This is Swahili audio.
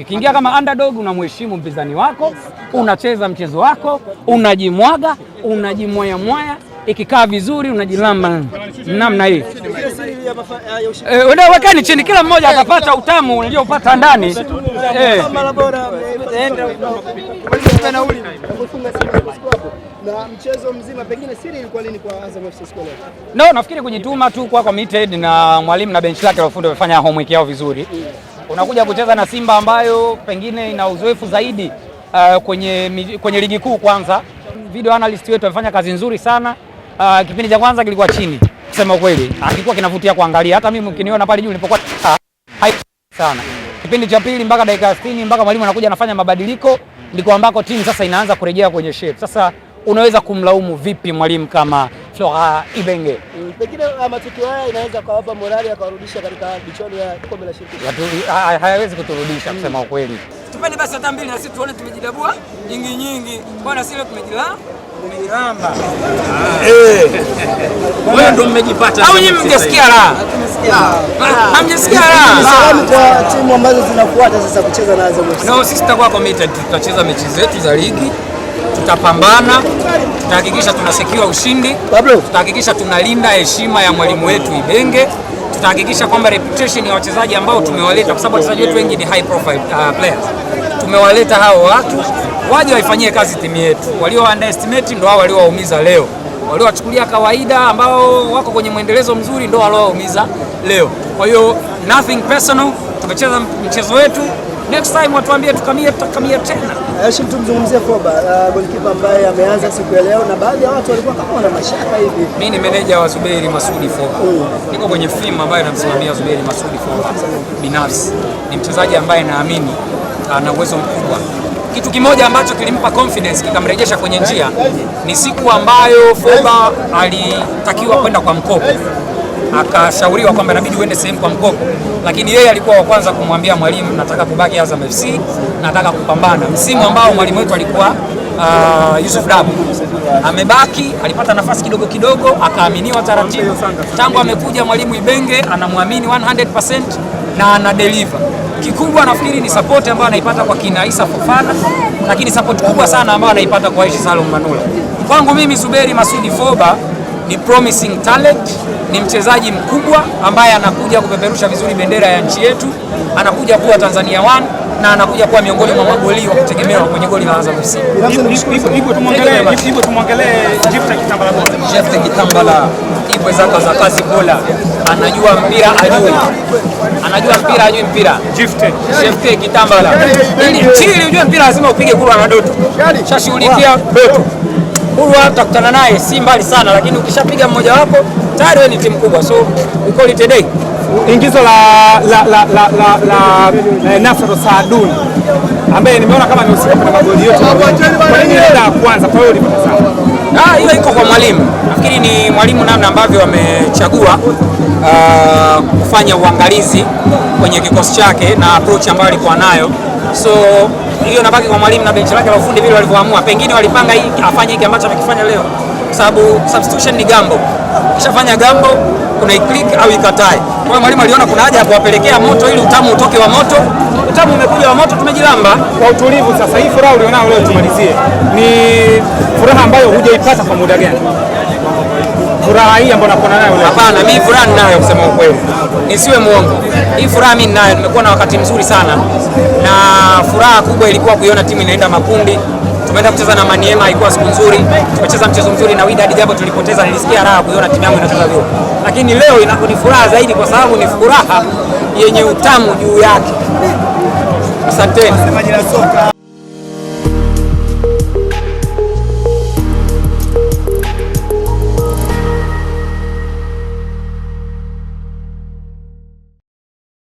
Ukiingia kama underdog unamheshimu mpinzani wako, unacheza mchezo wako, unajimwaga, unajimwayamwaya, ikikaa vizuri unajilamba namna hii. Eh, wekeni chini, kila mmoja atapata utamu uliopata ndani. Eh. No, nafikiri kujituma tu kwa committed na mwalimu na benchi lake la ufundi wamefanya homework yao vizuri unakuja kucheza na Simba ambayo pengine ina uzoefu zaidi uh, kwenye, kwenye ligi kuu. Kwanza video analyst wetu amefanya kazi nzuri sana. Uh, kipindi cha kwanza kilikuwa chini kusema kweli, akikuwa kinavutia kuangalia. Hata mimi mkiniona pale juu nilipokuwa uh, sana kipindi cha pili mpaka dakika 60 mpaka mwalimu anakuja anafanya mabadiliko, ndiko ambako timu sasa inaanza kurejea kwenye shape. Sasa unaweza kumlaumu vipi mwalimu kama Flora Ibenge. Pengine ah, matokeo haya inaweza morali katika ya kombe la shirikisho. Ah, ah, hayawezi kuturudisha kusema mm. ukweli. Tupende basi hata mbili na sisi tuone tumejidabua nyingi nyingi. Bwana sisi tumejila tumejiramba. Eh. Wewe ndio mmejipata. Au nyinyi Salamu kwa timu ambazo zinafuata sasa kucheza na Azam FC. sisi tutakuwa committed tutacheza mechi zetu za ligi tutapambana, tutahakikisha tunasekiwa ushindi, tutahakikisha tunalinda heshima ya mwalimu wetu Ibenge, tutahakikisha kwamba reputation ya wachezaji ambao tumewaleta, kwa sababu wachezaji wetu wengi ni high profile uh, players. Tumewaleta hao watu waje waifanyie kazi timu yetu. Walio underestimate ndio hao waliowaumiza leo, waliowachukulia kawaida ambao wako kwenye mwendelezo mzuri ndio waliowaumiza leo. Kwa hiyo nothing personal, tumecheza mchezo wetu. Next time watuambie tukamie, tutakamia tena. Hashim, tumzungumzie Foba, uh, golikipa ambaye ameanza siku ya leo, na baadhi ya watu walikuwa kama wana mashaka hivi. Mimi ni meneja wa Zuberi Masudi Foba, mm. niko kwenye fimu ambayo namsimamia Zuberi Masudi Foba. Binafsi ni mchezaji ambaye naamini ana uwezo mkubwa. Kitu kimoja ambacho kilimpa confidence kikamrejesha kwenye njia ni siku ambayo Foba alitakiwa kwenda kwa mkopo akashauriwa kwamba inabidi uende sehemu kwa mkopo, lakini yeye alikuwa wa kwanza kumwambia mwalimu, nataka kubaki Azam FC, nataka kupambana. Msimu ambao mwalimu wetu alikuwa Uh, Yusuf Dabu amebaki, alipata nafasi kidogo kidogo, akaaminiwa taratibu. Tangu amekuja mwalimu Ibenge anamwamini 100% na ana deliver kikubwa. Nafikiri ni support ambayo anaipata kwa kina Isa Fofana, lakini support kubwa sana ambayo anaipata kwa Aishi Salum Manula. Kwangu mimi Zuberi Masudi Foba ni promising talent ni mchezaji mkubwa ambaye anakuja kupeperusha vizuri bendera ya nchi yetu, anakuja kuwa Tanzania One na anakuja kuwa miongoni mwa magoli wa kutegemewa kwenye goli la Azam FC. Hivyo tumwangalie Jefte Kitambala, Jefte Kitambala ipo zaka za kazi bora, anajua mpira ajui, anajua mpira ajui mpira. Jefte Jefte Kitambala, ili ujue mpira lazima upige kura na doto, yaani, shashughulikia doto hata takutana naye si mbali sana, lakini ukishapiga mmoja wapo tayari wewe ni timu kubwa, so we call it a day. Ingizo la la la la la, la eh, Nasoro Saadun ambaye nimeona kama amehusika kwa magoli yote, kwa nini ndio kwanza? Kwa hiyo ulipata sana. Ah, hiyo iko kwa mwalimu. Nafikiri ni mwalimu namna ambavyo amechagua uh, kufanya uangalizi kwenye kikosi chake na approach ambayo alikuwa nayo so hiyo nabaki kwa mwalimu na benchi lake la ufundi vile walivyoamua. Pengine walipanga hii afanye hiki ambacho amekifanya leo, kwa sababu substitution ni gambo, kishafanya gambo kuna iklik au ikatae. Kwa hiyo mwalimu aliona kuna haja ya kuwapelekea moto ili utamu utoke wa moto. Utamu umekuja wa moto, tumejilamba kwa utulivu. Sasa hii furaha ulionayo leo, tumalizie, ni furaha ambayo hujaipata kwa muda gani? furaha hii ambayo unakuwa nayo leo? Hapana, mimi furaha ninayo kusema ukweli. Nisiwe muongo. Hii furaha mimi ninayo, nimekuwa na wakati mzuri sana. Na furaha kubwa ilikuwa kuiona timu inaenda makundi. Tumeenda kucheza na Maniema, ilikuwa siku nzuri. Tumecheza mchezo mzuri na Wydad, japo tulipoteza, nilisikia raha kuiona timu yangu inacheza vizuri. Lakini leo inakuwa ni furaha zaidi kwa sababu ni furaha yenye utamu juu yake. Asanteni.